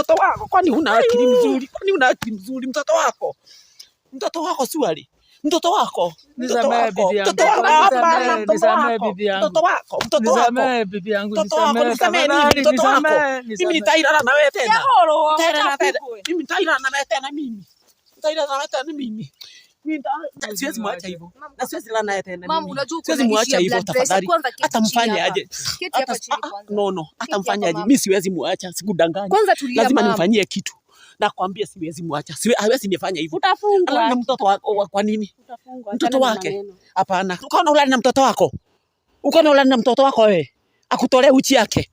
mtoto wako? Kwani huna akili mzuri? Kwani huna akili mzuri? Mtoto wako, mtoto wako siwali mtoto wako mtoto wako mtoto wako mtoto wako, nisamee mtoto wako. Mimi nitailala na wewe tena, na wewe tena, mimi nitailala na wewe tena, mimi nitailala na wewe tena, mimi Ah, siwezi mwacha hivyo tafadhali. Hata aje, ah, ah, no no, hata aje, mimi siwezi mwacha, sikudanganya. Lazima nimfanyie kitu. Nakwambia siwezi mwacha, hawezi nifanya hivyo. na mtoto wako. Kwa nini mtoto wake? Hapana, uko na ulani na mtoto wako, uko na ulani na mtoto wako, wewe akutolee uchi yake.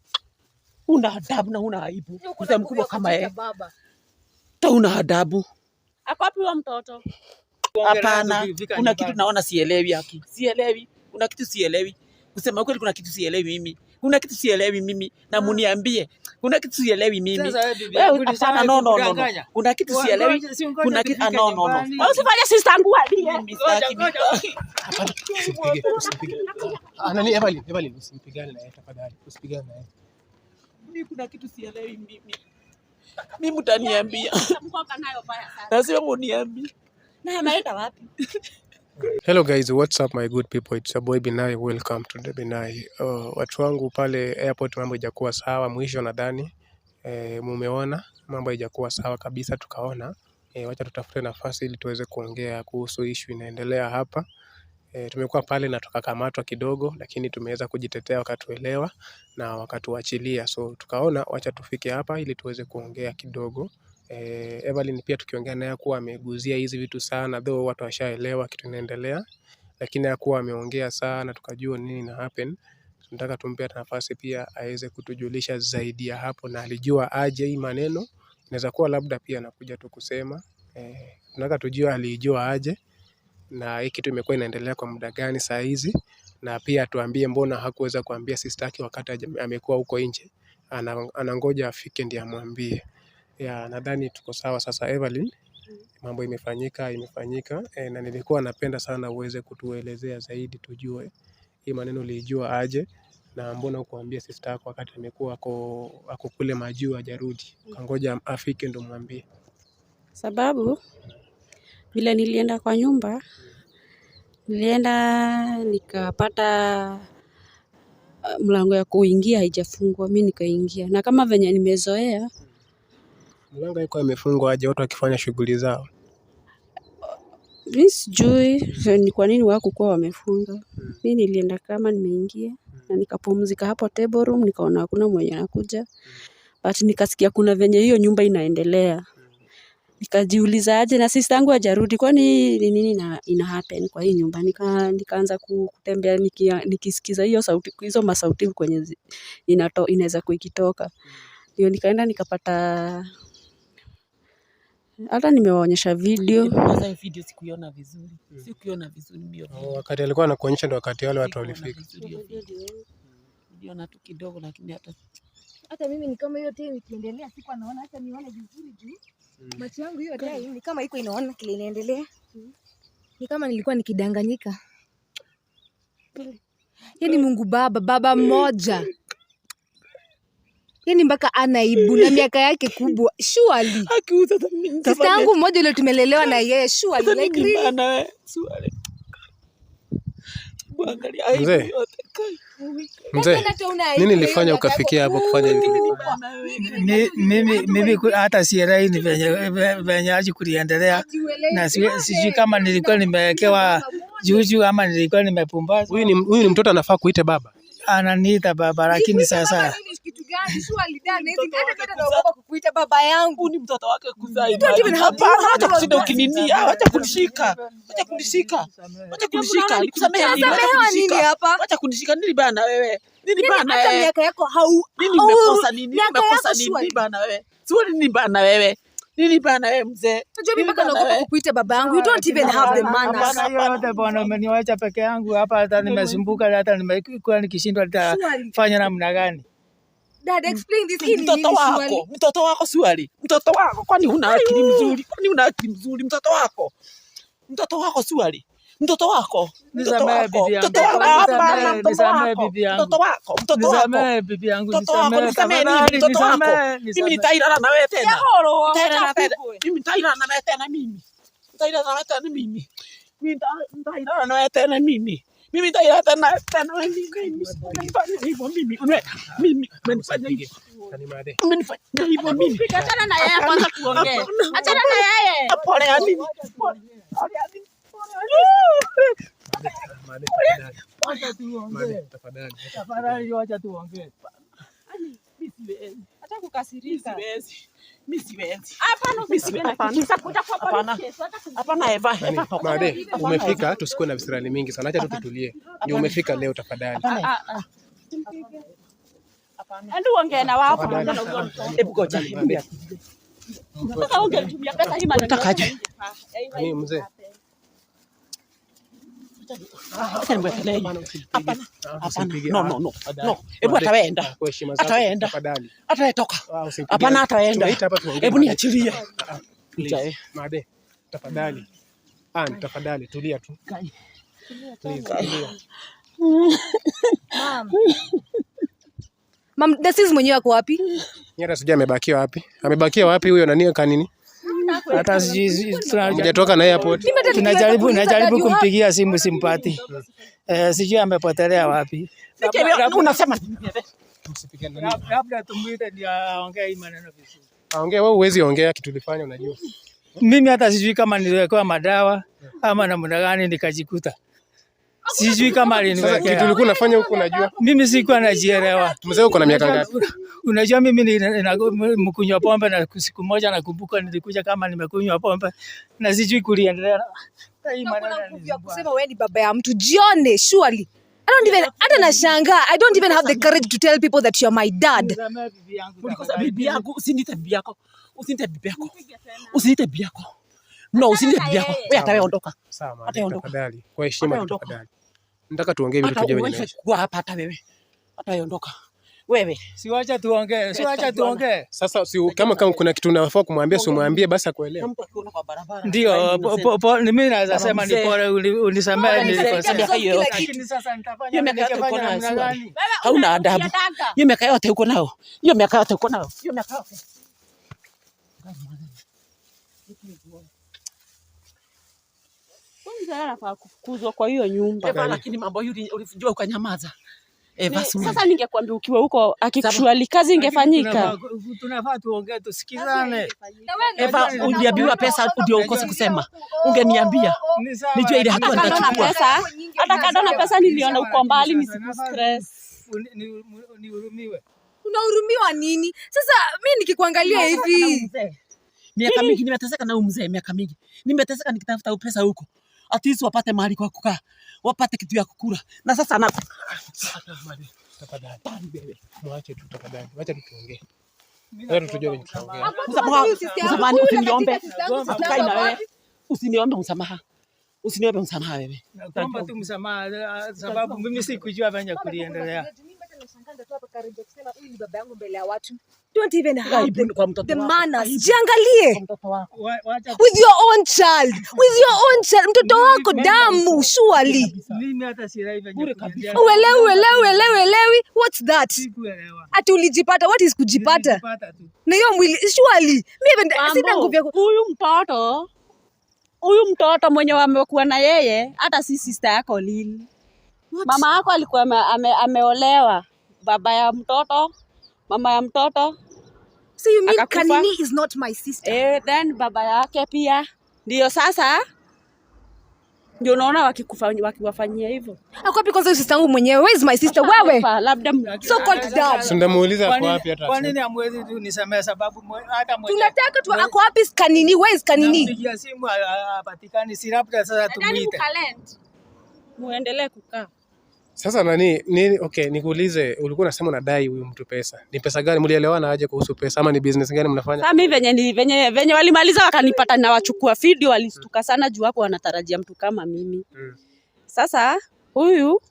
Una adabu na una aibu, mzee mkubwa kama yeye, tauna adabu. Ako huyo mtoto? Hapana, kuna kitu naona sielewi haki, sielewi. Kuna kitu sielewi, kusema kweli, kuna kitu sielewi mimi kuna kitu sielewi mimi na ah. mniambie kuna kitu sielewi mimi. Hapana, no no no, kuna kitu sielewi, kuna kitu ah, no no no, usifanye oh, sister yangu alie. Anani, ah, Evelyn, Evelyn, usipigane naye tafadhali, usipigane naye. Mimi kuna kitu sielewi mimi, mimi mtaniambia, lazima mniambie na wapi? Hello guys, what's up my good people? It's your boy Binai. Welcome to the Binai. Uh, watu wangu pale airport mambo haijakuwa sawa mwisho nadhani. E, mumeona mambo haijakuwa sawa kabisa tukaona e, wacha tutafute nafasi ili tuweze kuongea kuhusu ishu inaendelea hapa. E, tumekuwa pale na tukakamatwa kidogo, lakini tumeweza kujitetea, wakatuelewa na wakatuachilia. So tukaona wacha tufike hapa ili tuweze kuongea kidogo eh, Evelyn pia tukiongea naye kuwa ameguzia hizi vitu sana, though watu washaelewa kitu inaendelea, lakini hakuwa ameongea sana, tukajua nini na happen. Tunataka tumpe nafasi pia aweze kutujulisha zaidi ya hapo, na alijua aje hii maneno, inaweza kuwa labda pia anakuja tu kusema eh, tunataka tujua alijua aje na hii kitu imekuwa inaendelea kwa muda gani saa hizi, na pia tuambie mbona hakuweza kuambia sister yake wakati amekuwa huko nje, anangoja afike ndiye amwambie ya nadhani tuko sawa sasa Evelyn. Mm-hmm. Mambo imefanyika imefanyika e, na nilikuwa napenda sana uweze kutuelezea zaidi tujue hii maneno ulijua aje na mbona ukuambia sister yako wakati amekuwa ako, ako kule majuu hajarudi, mm-hmm. kangoja afike ndo mwambie sababu. Vile nilienda kwa nyumba, nilienda nikapata uh, mlango ya kuingia haijafungwa, mi nikaingia, na kama venye nimezoea Milango iko imefungwa aje watu wakifanya shughuli zao? Mi sijui ni kwa nini hawakukuwa wamefunga. Mi nilienda kama nimeingia na nikapumzika hapo table room, nikaona hakuna mwenye anakuja, but nikasikia kuna venye hiyo nyumba inaendelea. Nikajiuliza aje, na sisi tangu ajarudi, kwani ni nini na ina happen kwa hii nyumba? Nika, nikaanza kutembea nikisikiza hiyo sauti, hizo masauti kwenye inaweza kuikitoka, ikitoka, ndio nikaenda nikapata hata nimewaonyesha video Video video. vizuri, hmm. vizuri oh, wakati alikuwa anakuonyesha, ndo wakati wale watu walifika. Hata hata mimi ni kama hiyo time ikiendelea, siku anaona, hata nione vizuri juu hmm. macho yangu hiyo time ni kama iko inaona kile inaendelea, ni kama nilikuwa nikidanganyika. Yeye ni Mungu Baba, Baba mmoja yani mpaka anaibu na miaka yake kubwa surely. mmoja ulio tumelelewa na yeye surely, like yaani ukafikia hapo kufanya mimi? Hata sielewi venye aji kuliendelea, na sijui kama nilikuwa nimewekewa juju ama nilikuwa nimepumbaza. Huyu ni mtoto anafaa kuite baba, ananiita baba, lakini sasa kukuita baba yangu, ni mtoto wake kuzaa. wacha kushinda ukininia, wacha kunishika, wacha kunishika, wacha kunishika. nini? Wacha kunishika nini bana wewe? Nini yaani bana wewe? Miaka yako hau nini? nini? nini bana wewe? Sio nini bana wewe? Nini bana wewe mzee? Unajua mimi naogopa kukuita baba yangu. You don't even have the manners. Bana yote bwana, peke yangu hapa, hata nimesumbuka, hata nimekuwa nikishindwa nitafanya namna gani? Dad, mm. explain this hii mtoto wako, mtoto wako swali, mtoto wako, kwani una akili mzuri? Kwani una akili mzuri? Mtoto wako, mtoto wako swali, mtoto wako, mtoto wako, mtoto wako, mtoto wako, Mtoto wako. Mtoto wako. mimi nitailala na wewe tena, mimi nitailala na wewe tena, mimi nitailala na wewe tena, mimi nitailala na wewe tena, mimi mimi tayari tena tena mimi mimi umenifanya hivi umenifanya hivyo mimi. Achana na yeye kwanza, tuongee. Achana na yeye. Pole ya nini? Pole ya nini? Pole ya nini? Yaani, yaani. Tafadhali, acha tuongee. Mimi yaani, umefika tusikuwe na visirani mingi sana. Acha tu tutulie. Ndio umefika leo tafadhali. Ah, ah. na Mzee ataenda, ataenda, atatoka. Ah, Hapana, ataenda. Hebu ah, tafadhali. tafadhali tulia tu. Mam, mwenyewe ako wapi? Yeye sijui amebakia wapi. Amebakia wapi huyo nani kanini? hata na airport, tunajaribu najaribu kumpigia simu simpati, eh, sijui amepotelea wapi. aongee maneno Wewe ongea kitu ulifanya, unajua mimi hata sijui kama niliwekewa madawa ama namna gani nikajikuta Sijui kama aliniwekea. kitu ulikuwa unafanya huko unajua? Mimi sikuwa najielewa. Mzee uko na miaka ngapi? Unajua mimi ni mkunywa pombe na siku moja nakumbuka nilikuja kama nimekunywa pombe na sijui kuliendelea. Kusema wewe ni baba ya mtu jione surely. I don't even hata nashangaa. I don't even have the courage to tell people that you are my dad. Bibi yangu, usiniite bibi yako. Usiniite bibi yako. Usiniite bibi yako. No, usilie bibi yako. Wewe ondoka. Sawa. Ataondoka. Tafadhali. Kwa heshima tafadhali. Nataka tuongee vitu tuje wenyewe. Kwa hapa hata wewe. Ataondoka. Wewe, siwacha tuongee, wacha tuongee. Sasa si kama kama kuna kitu unafaa kumwambia, si umwambie basi akuelewe. Ndio, mimi naweza sema ni pole, unisamehe nilikosea. Lakini sasa nitafanya nini? Hauna adabu. Hiyo miaka yote uko nao. Hiyo miaka yote uko nao. Hiyo miaka yote. Sasa nafaa kufukuzwa kwa hiyo nyumba. Eva, lakini mambo yule ulijua ukanyamaza. Eva, ni, sasa ningekuambia ukiwa huko actually kazi ingefanyika. Tunafaa tuongee tusikizane. Eva, uliambiwa pesa ndio ukose kusema. Oh, oh, Ungeniambia. Oh, Nijue ile hatua nitachukua. Hata kando na pesa niliona uko mbali nisiku stress. Nihurumiwe. Unahurumiwa nini? Sasa mimi nikikuangalia hivi. Miaka mingi nimeteseka na huyu mzee miaka mingi. Nimeteseka nikitafuta pesa huko at least wapate mahali kwa kukaa, wapate kitu ya kukula. Na sasa na usiniombe msamaha, usiniombe msamaha wewe. Naomba tu msamaha eh, sababu mimi sikujua venye kuliendelea. Don't even yaani The manners. Jiangalie. With your own child. With your own child. Mtoto wako damu surely. Uelewi, uelewi, uelewi, uelewi. What's that? Ati ulijipata. What is kujipata? Na hiyo mwili surely. Mimi sina nguvu yako. Huyu mtoto huyu mtoto mwenye wamekuwa na yeye hata si sister yako Lili. Mama yako alikuwa ame, ame, baba ya mtoto, mama ya mtoto. So you mean Kanini is not my sister? Eh, then baba yake pia ndio sasa ndio unaona wakikufanyia wakiwafanyia hivyo. Akwapi your sister yangu mwenyewe? Where is my sister? Wewe. Labda so called dad. Si muuliza kwa wapi hata. Kwa nini amwezi tu nisemee sababu hata mwenyewe. Tunataka tu ako wapi Kanini? Where is Kanini? Ndio simu hapatikani, si labda sasa tumuite. Ndio kalend. Muendelee kukaa. Sasa nani nini? Okay, nikuulize, ulikuwa unasema unadai huyu mtu pesa, ni pesa gani? Mlielewana aje kuhusu pesa, ama ni business gani mnafanya? Sasa mimi venye ni venye venye walimaliza wakanipata na wachukua video walistuka sana juu hapo wanatarajia mtu kama mimi hmm. Sasa huyu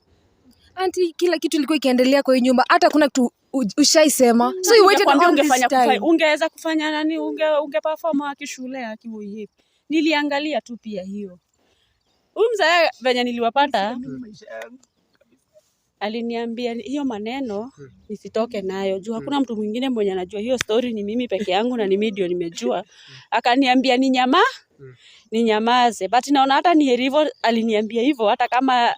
anti, kila kitu ilikuwa ikiendelea kwa nyumba, hata kuna kitu ushaisema, hmm. so you waited on this time. Ungeweza kufanya nani? Unge unge perform shule akishule akiwe, niliangalia tu pia hiyo huyu mzee venye niliwapata hmm aliniambia hiyo maneno hmm. nisitoke nayo juu hakuna hmm. mtu mwingine mwenye anajua hiyo story, ni mimi peke yangu na ni mimi ndio nimejua. Hmm. Akaniambia ni nyama ni nyamaze, but naona hata ni herivo aliniambia hivyo, hata kama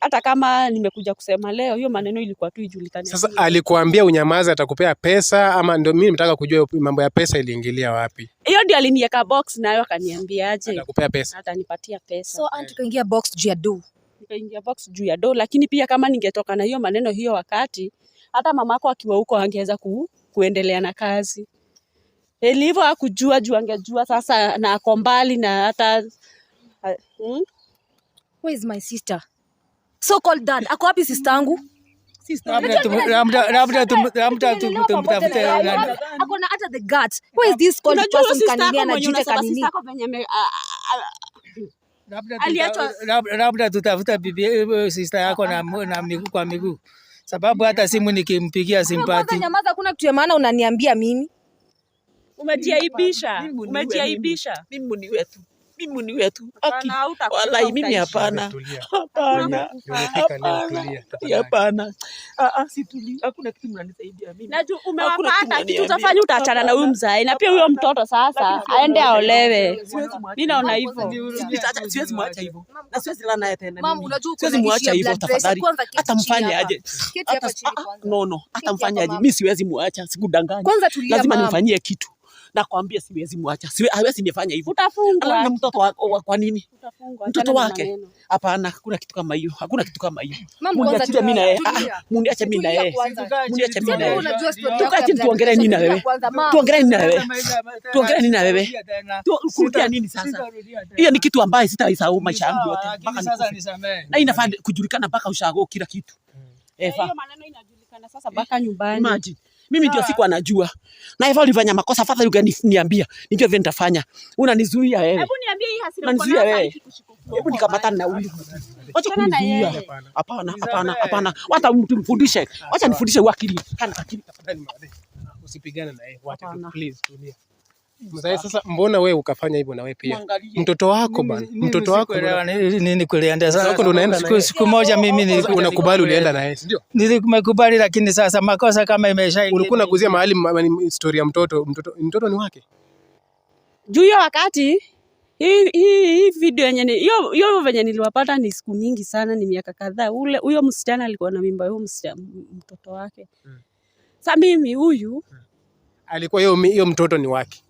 hata kama nimekuja kusema leo, hiyo maneno ilikuwa tu ijulikane. Sasa alikuambia unyamaze, atakupea pesa ama? Ndio mimi nataka kujua mambo ya pesa iliingilia wapi. Hiyo ndio aliniweka box, nayo akaniambia aje atakupea pesa, atanipatia pesa. So anti kaingia box juu ya do nikaingia box juu ya do. Lakini pia kama ningetoka na hiyo maneno hiyo wakati, hata mamako akiwa huko angeweza ku, kuendelea na kazi Elivo akujua juu angejua sasa, na ako mbali na hata eh, hmm? Where is my sister so called dad? Ako wapi sister yangu? Ako na hata the guts. Where is this called person? Kaninia na jita kaninia labda tutafuta bibi eh, eh, sister yako na, na miguu kwa miguu, sababu hata simu nikimpigia simpati. Nyamaza, kuna kitu ya maana unaniambia mimi. Umejiaibisha, umejiaibisha. Mimi ni tu mimi ni wetu aki wallahi mimi hapana, hapana, hapana, ah, ah, situli, hakuna kitu mnanisaidia mimi. Najua umewapata kitu utafanya, utaachana na huyu mzae na pia huyo mtoto sasa aende aolewe. Mimi naona hivyo, siwezi mwacha hivyo na siwezi lana naye tena, mimi siwezi mwacha hivyo. Tafadhali hata mfanye aje, no no, atamfanya aje, mimi siwezi mwacha, sikudanganya, lazima nimfanyie kitu nakwambia siwezi mwacha, siwezi nifanya hivyo. Utafungwa na mtoto wako. Kwa nini mtoto wake? Hapana, hakuna kitu kama hiyo, hakuna kitu kama hiyo. Ah, muniache mimi na yeye, muniache mimi na yeye, muniache mimi na yeye. Tukae chini tuongelee nini na wewe, tuongelee nini na wewe, tuongelee nini na wewe, kurudia nini sasa? Hiyo ni kitu ambaye sitaisahau maisha yangu yote mpaka sasa. nisamee, na inafaa kujulikana mpaka ushago kila kitu. Mm. Eva, Hiyo maneno inajulikana sasa mpaka eh, nyumbani. Imagine mimi ndio siku anajua. Na hivyo ulifanya makosa, fadhali ungeniambia. ndio vile nitafanya. Unanizuia wewe. Hebu niambie hii hasira unanizuia wewe. Hebu nikapatana na huyu. Acha kunizuia. Hapana, hapana, hapana. Wacha mtu mfundishe. Wacha nifundishe uakili. Kana akili tafadhali, maadhi. Usipigane na yeye. Wacha please tulia. Mzee, Sasa mbona wewe ukafanya hivyo na wewe pia mtoto wako bana, mtoto wako nini kulienda? Sasa huko unaenda siku, siku moja mimi unakubali, ulienda na yeye ndio nilikubali, lakini sasa makosa kama imesha, ulikuwa unakuzia mahali story ya mtoto, mtoto mtoto ni wake juu hiyo wakati hii hii video yenye hiyo hiyo venye niliwapata ni siku mingi sana, ni miaka kadhaa. Ule huyo msichana alikuwa na mimba, huyo msichana mtoto wake. Hmm. Sasa mimi huyu hmm. alikuwa hiyo mtoto ni wake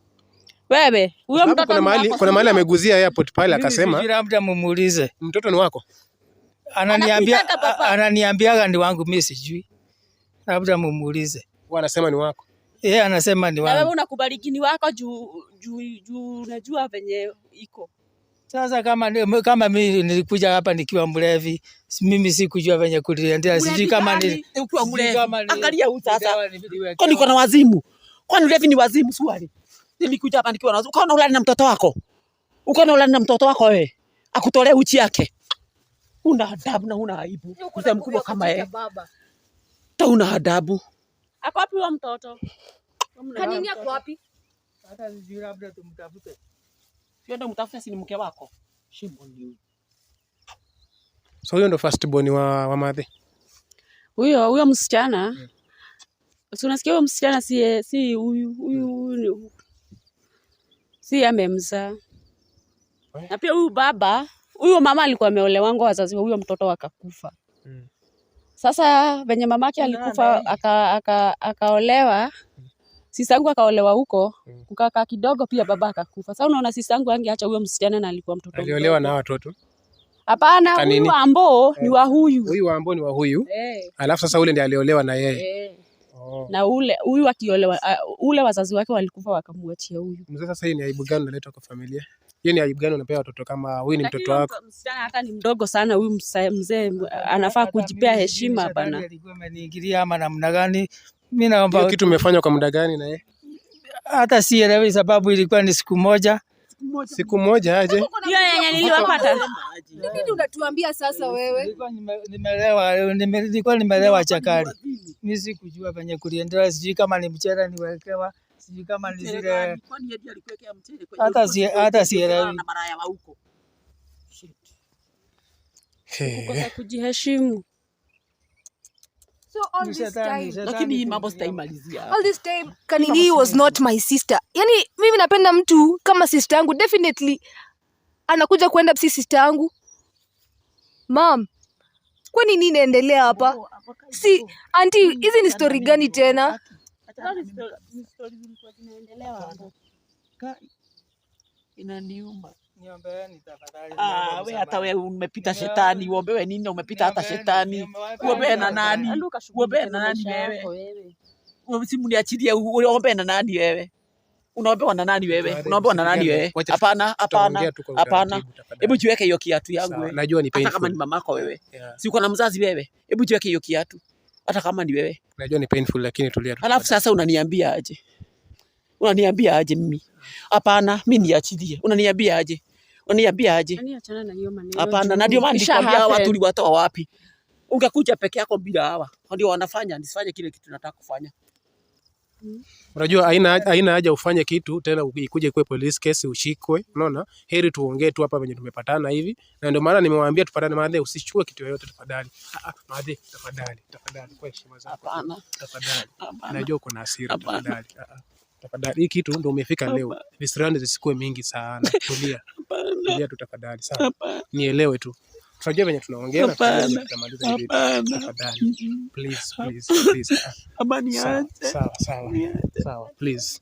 wewe huyo mtoto kuna mahali kuna mahali ameguzia airport pale akasema, labda mumuulize mtoto ni wako. Ananiambia ananiambiaga ni wangu, mimi sijui, labda mumuulize. Wewe anasema ni wako, yeye anasema ni wako. Na wewe unakubaliki ni wako juu juu unajua venye iko sasa kama, kama mimi nilikuja hapa nikiwa mlevi, mimi sikujua venye kuliendea, sijui kama ni ukiwa mlevi. Angalia huyu sasa, kwani kuna wazimu? Kwani mlevi ni wazimu swali? nimekuja hapa nikiwa na uko na ulani na mtoto wako, uko na ulani na mtoto wako wewe, akutolee uchi yake. Una adabu na una aibu, mzee mkubwa kama yeye. Ta una adabu. Ako wapi huyo mtoto? Kanini ako wapi? Hata sijui, labda tumtafute. Sio ndo mtafute, si ni mke wako. Shimo ni. So huyo ndo first born wa wa madhe. Huyo huyo msichana. Hmm. Unasikia huyo msichana si si huyu huyu si amemzaa. Na pia huyu baba, huyo mama alikuwa ameolewangu wazazi wa huyo mtoto akakufa. Mm. Sasa venye mamake alikufa akaolewa aka, aka hmm. sisangu akaolewa huko mm. kidogo pia baba akakufa. Sasa unaona sisangu angeacha huyo msichana na alikuwa mtoto. Aliolewa na watoto? Hapana, huyu ambo eh. ni wa huyu. Huyu eh. ambo ni wa huyu. Alafu sasa ule ndiye aliolewa na yeye. Eh. Oh. na ule huyu akiolewa, uh, ule wazazi wake walikufa wakamwachia huyu mzee. Sasa hii ni aibu gani unaleta kwa familia? Hiyo ni aibu gani unapea watoto kama huyu? Ni mtoto wako msichana, hata ni mdogo sana huyu mzee, anafaa kujipea heshima bana. Alikuwa ameniingilia ama namna gani? Mimi naomba kitu umefanya kwa muda gani naye, hata sielewi sababu. Ilikuwa ni siku moja siku moja aje Hiyo yenye niliwapata. nini unatuambia sasa wewe? Nimelewa, nilikuwa nimelewa chakari, mimi sikujua venye kuliendelea, sijui kama ni mchele niwekewa, sijui kama ni zile hata sielewi. Kujiheshimu So was not my sister. yani mimi napenda mtu kama sister yangu definitely anakuja kuenda si sister yangu. mam kwani nini naendelea hapa? Oh, si anti, hizi ni story gani tena? Inaniuma. Ah, we hata we umepita shetani, uombe we nini? Umepita hata shetani, uombe na nani? Uombe na nani wewe? Simu niachilie, uombe na nani wewe? Unaombewa na nani wewe? Unaombewa na nani wewe? Hapana, hapana, hapana. Hebu jiweke hiyo kiatu yangu wewe. Najua ni painful. Hata kama ni mamako wewe. Si uko na mzazi wewe. Hebu jiweke hiyo kiatu. Hata kama ni wewe. Najua ni painful lakini tulia tu. Alafu sasa unaniambia aje? Unaniambia aje mimi? Hapana, mimi niachilie. Unaniambia aje? Uniambia aje? Hapana, na ndio maana nilikwambia watu uliwatoa wapi? Ungekuja peke yako bila hawa. Ndio wanafanya nisifanye kile kitu nataka kufanya. Unajua aina aina haja ufanye kitu tena ikuje kwa police case ushikwe. Unaona? Heri tuongee tu hapa venye tumepatana hivi. Na ndio maana nimewaambia tupatane maadhe, usichukue kitu yoyote tafadhali. Ah ah, maadhe tafadhali, tafadhali kwa heshima zako. Hapana. Tafadhali. Najua kuna hasira tafadhali. Ah ah. Tafadhali hii kitu ndio umefika leo. Visirani zisikue mingi sana. Tulia. Tulia tu tafadhali sana. Nielewe tu. Tunajua venye tunaongea na tunamaliza hivi. Tafadhali. Please, please, please. amani Sawa, sawa. Sawa, please.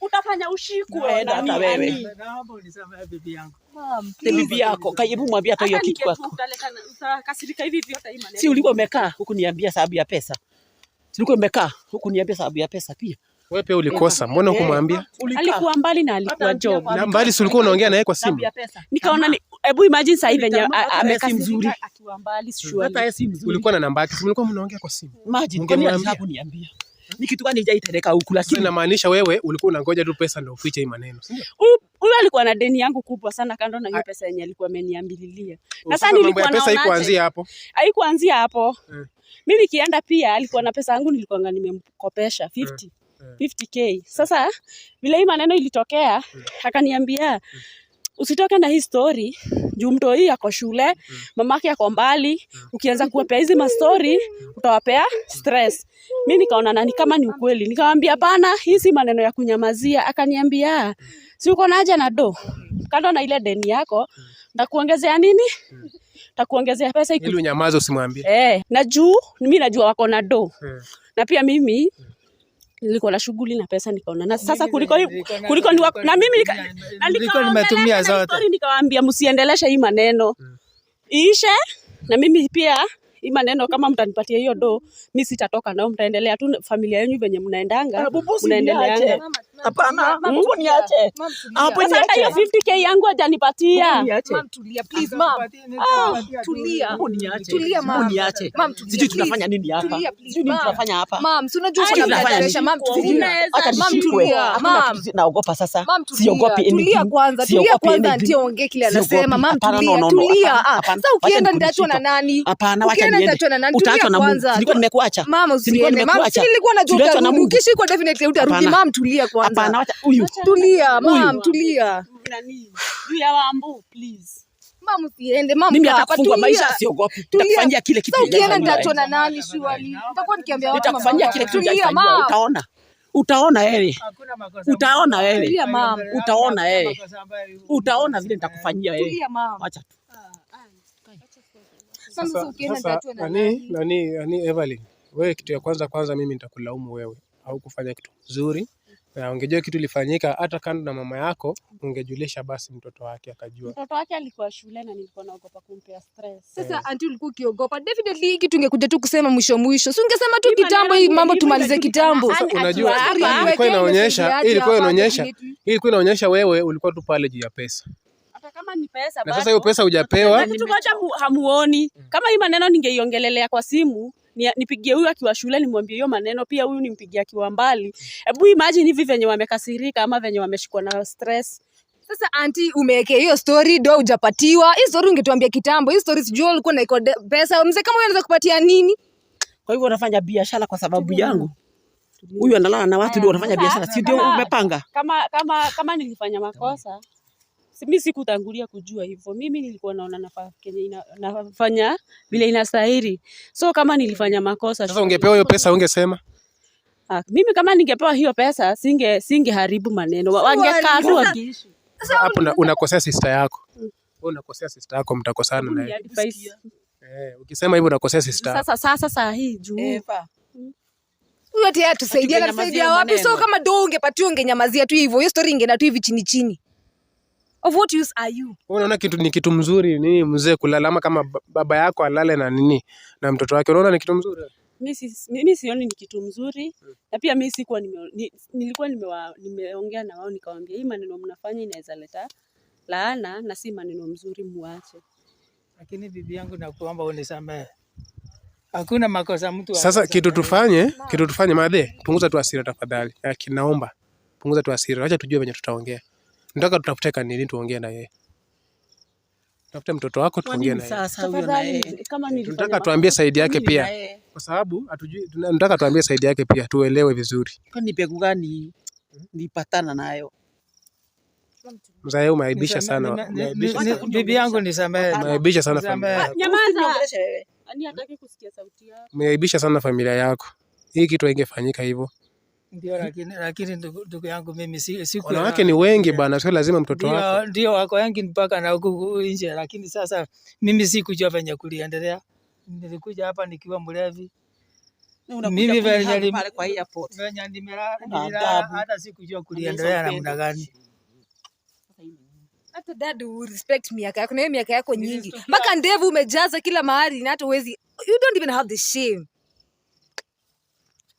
utafanya ushikwe eh, na mimi. Naomba unisamehe bibi yangu. Ah, bibi yako kaibu mwambie hata hiyo kitu kwako. Kasirika hivi hivi hata hii Si ulikuwa umekaa huku niambia sababu ya pesa. Si ulikuwa umekaa huku niambia sababu ya pesa pia. Wewe pia ulikosa, eh, mbona eh, hukumwambia? Alikuwa mbali na alikuwa job. Na mbali si ulikuwa unaongea naye kwa simu. Nikaona ni hebu imagine sasa hivi venye amekaa mzuri. Akiwa mbali sio. Hata yeye si mzuri. Ulikuwa na namba yake, ulikuwa mnaongea kwa simu. Imagine, ungeniambia ni kitu gani hajaitereka huku, lakini inamaanisha wewe ulikuwa unangoja tu pesa ndio ufiche hii maneno, si ndio? Huyo alikuwa na deni yangu kubwa sana, kando na hiyo ah. pesa yenye alikuwa ameniambililia. Na sasa nilikuwa na pesa haikuanzia hapo, haikuanzia hapo. Eh. Mimi nikienda pia alikuwa na pesa yangu, nilikuwa ngani nimemkopesha 50 50k. Eh. Eh. Sasa vile hii maneno ilitokea, akaniambia usitoke na hii story juu mto hii ako shule, hmm. mamake ako mbali. Hmm. Ukianza kuwapea hizi mastori utawapea stress. Mi nikaona nani kama ni ukweli, nikamwambia bana, hii si maneno ya kunyamazia. Akaniambia si uko naja na do kando na ile deni yako, ntakuongezea nini? takuongezea pesa iku... usimwambie eh, na juu mi najua wako na do hmm. na pia mimi nilikuwa na shughuli na pesa nikaona, na sasa kuliko kuliko na mimi nilikuwa nimetumia zote, nikawaambia msiendeleshe hii maneno mm. iishe, na mimi pia hii maneno kama mtanipatia hiyo do, mi sitatoka nao, mtaendelea tu familia yenu venye mnaendanga, eh, mnaendelea Hapana, Mungu niache hapo. ni Sasa hiyo 50k yangu hajanipatia. Sijui tunafanya nini hapa, sijui tunafanya hapa, naogopa sasa. Siogopi, tulia kwanza, Tulia kwanza ndio ongee kile anasema. Mam, tulia, tulia. Sasa ukienda ndio na nani? Hapana, wacha utaona. Utaona wewe, utaona wewe, utaona wewe, utaona vile nitakufanyia wewe. Acha tu. Sasa, sasa, nani, nani, nani Evelyn, wewe kitu ya kwanza kwanza mimi nitakulaumu wewe, au kufanya kitu kizuri na mm. eh, ungejua kitu ilifanyika hata kando na mama yako, ungejulisha basi mtoto wake akajua. Mtoto wake alikuwa shule na nilikuwa naogopa kumpea stress. Sasa yes. Eh. anti, ulikuwa ukiogopa definitely hii kitu ungekuja tu kusema mwisho mwisho, si ungesema tu kitambo, hii mambo tumalize kitambo. Yaani, Unajua ilikuwa inaonyesha, yaani, ilikuwa inaonyesha, ilikuwa inaonyesha wewe ulikuwa tu pale juu ya pesa kama ni pesa na sasa hiyo pesa hujapewa kitu moja hamuoni. Mm. Kama hii maneno ningeiongelelea kwa simu nipigie huyu akiwa shule, nimwambie hiyo maneno pia. Huyu nimpigie akiwa mbali. Hebu mm. imagine hivi venye wamekasirika ama venye wameshikwa na stress. Sasa anti, umewekea hiyo story do ujapatiwa hii story, ungetuambia kitambo hii story, sijui ulikuwa naiko pesa. Mzee kama huyo anaweza kupatia nini? Kwa hivyo unafanya biashara kwa sababu yangu huyu analala na watu ndio unafanya biashara, si ndio umepanga? Kama, kama, kama nilifanya makosa mimi sikutangulia kujua hivyo. Mimi nilikuwa naona nafanya nafanya vile inastahili, so kama nilifanya makosa. Sasa ungepewa hiyo pesa ungesema Ah, mimi kama ningepewa hiyo pesa singe singe haribu maneno, wangekaa wakiishi. Sasa hapo unakosea sister yako mm. wewe, unakosea sister yako, mtakosana naye eh. Ukisema hivyo unakosea sister. Sasa sasa saa hii juu mm. huyo tia tusaidia, tusaidia wapi? So kama do ungepatiwa ungenyamazia tu hivyo, hiyo story ingeenda tu hivi chini chini Of what use are you? Unaona kitu ni kitu mzuri nini mzee kulala ama kama baba yako alale na nini na mtoto wake, unaona ni kitu mzuri? Mimi sioni ni kitu mzuri hmm. Na pia mimi sikuwa nime, nilikuwa nimeongea na wao nikawaambia, hii maneno mnafanya inaweza leta laana na si maneno mzuri, muache. Lakini bibi yangu nakuomba unisamehe. Hakuna makosa mtu. Sasa kitu tufanye, kitu tufanye madhe, punguza tu asira tafadhali. Naomba punguza tu asira. acha tujue venye tutaongea. Nataka tutafute kanini tuongee na yeye. Tafute mtoto wako tuongee naye. Sasa na yeye. Kama eh, nilifanya. Nataka tuambie saidi yake pia. Kwa sababu hatujui tunataka tuambie saidi yake pia tuelewe vizuri. Kwa ni pegu gani nipatana nayo? Mzae umeaibisha sana. Bibi yangu nisamehe. Umeaibisha sana familia. Nyamaza. Ani yaani hataki kusikia sauti yako. Umeaibisha sana familia yako. Hii kitu haingefanyika hivyo. Ndio, lakini lakini ndugu yangu mimi si, si wake ni wengi bwana, sio lazima mtoto wako. Ndio wako wengi mpaka na huku nje, lakini sasa mimi si kujua venye kuliendelea. Nilikuja hapa nikiwa mlevi mimi venye pale kwa airport venye nimelala, hata si kujua kuliendelea namna gani. Hata dad respect miaka yako na miaka yako nyingi, mpaka ndevu umejaza kila mahali na hata uwezi, you don't even have the shame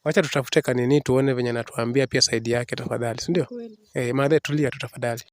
Wacha tutafute kanini tuone venye anatuambia pia saidi yake tafadhali, si ndio? Eh, madhe tulia tu tafadhali.